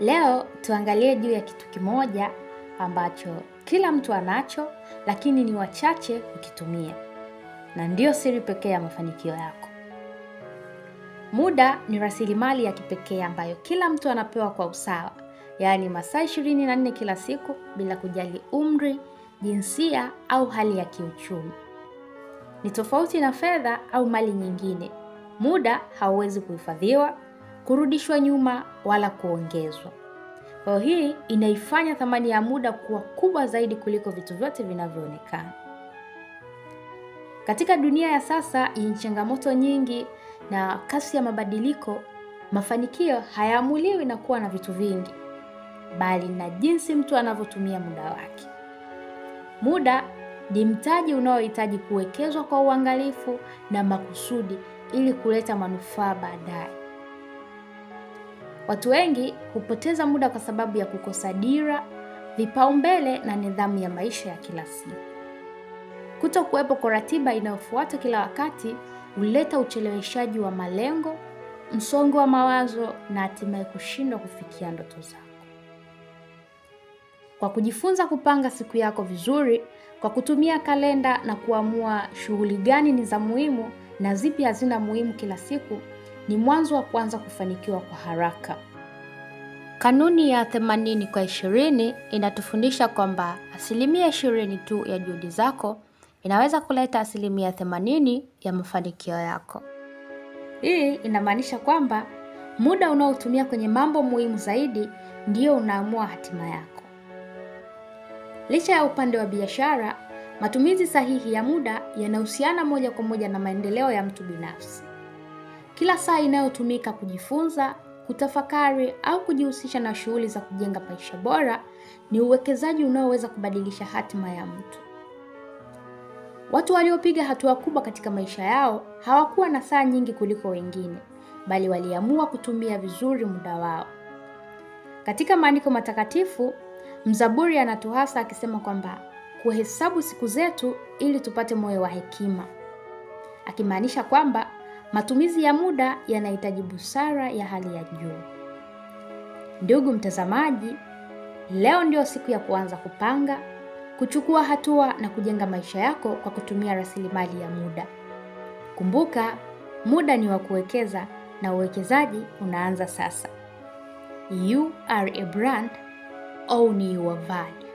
Leo tuangalie juu ya kitu kimoja ambacho kila mtu anacho, lakini ni wachache kukitumia, na ndiyo siri pekee ya mafanikio yako. Muda ni rasilimali ya kipekee ambayo kila mtu anapewa kwa usawa, yaani masaa 24 kila siku, bila kujali umri, jinsia au hali ya kiuchumi. Ni tofauti na fedha au mali nyingine. Muda hauwezi kuhifadhiwa kurudishwa nyuma wala kuongezwa. Kwa hiyo hii inaifanya thamani ya muda kuwa kubwa zaidi kuliko vitu vyote vinavyoonekana. Katika dunia ya sasa yenye changamoto nyingi na kasi ya mabadiliko, mafanikio hayaamuliwi na kuwa na vitu vingi, bali na jinsi mtu anavyotumia muda wake. Muda ni mtaji unaohitaji kuwekezwa kwa uangalifu na makusudi ili kuleta manufaa baadaye. Watu wengi hupoteza muda kwa sababu ya kukosa dira, vipaumbele na nidhamu ya maisha ya kila siku. Kuto kuwepo kwa ratiba inayofuata kila wakati huleta ucheleweshaji wa malengo, msongo wa mawazo na hatimaye kushindwa kufikia ndoto zako. Kwa kujifunza kupanga siku yako vizuri kwa kutumia kalenda na kuamua shughuli gani ni za muhimu na zipi hazina muhimu kila siku ni mwanzo wa kuanza kufanikiwa kwa haraka. Kanuni ya 80 kwa 20 inatufundisha kwamba asilimia 20 tu ya juhudi zako inaweza kuleta asilimia 80 ya mafanikio yako. Hii inamaanisha kwamba muda unaotumia kwenye mambo muhimu zaidi ndio unaamua hatima yako. Licha ya upande wa biashara, matumizi sahihi ya muda yanahusiana moja kwa moja na maendeleo ya mtu binafsi. Kila saa inayotumika kujifunza, kutafakari au kujihusisha na shughuli za kujenga maisha bora ni uwekezaji unaoweza kubadilisha hatima ya mtu. Watu waliopiga hatua kubwa katika maisha yao hawakuwa na saa nyingi kuliko wengine, bali waliamua kutumia vizuri muda wao. Katika maandiko matakatifu, mzaburi anatuhasa akisema kwamba kuhesabu siku zetu ili tupate moyo wa hekima, akimaanisha kwamba Matumizi ya muda yanahitaji busara ya hali ya juu. Ndugu mtazamaji, leo ndio siku ya kuanza kupanga, kuchukua hatua na kujenga maisha yako kwa kutumia rasilimali ya muda. Kumbuka, muda ni wa kuwekeza na uwekezaji unaanza sasa. You are a brand, own your value.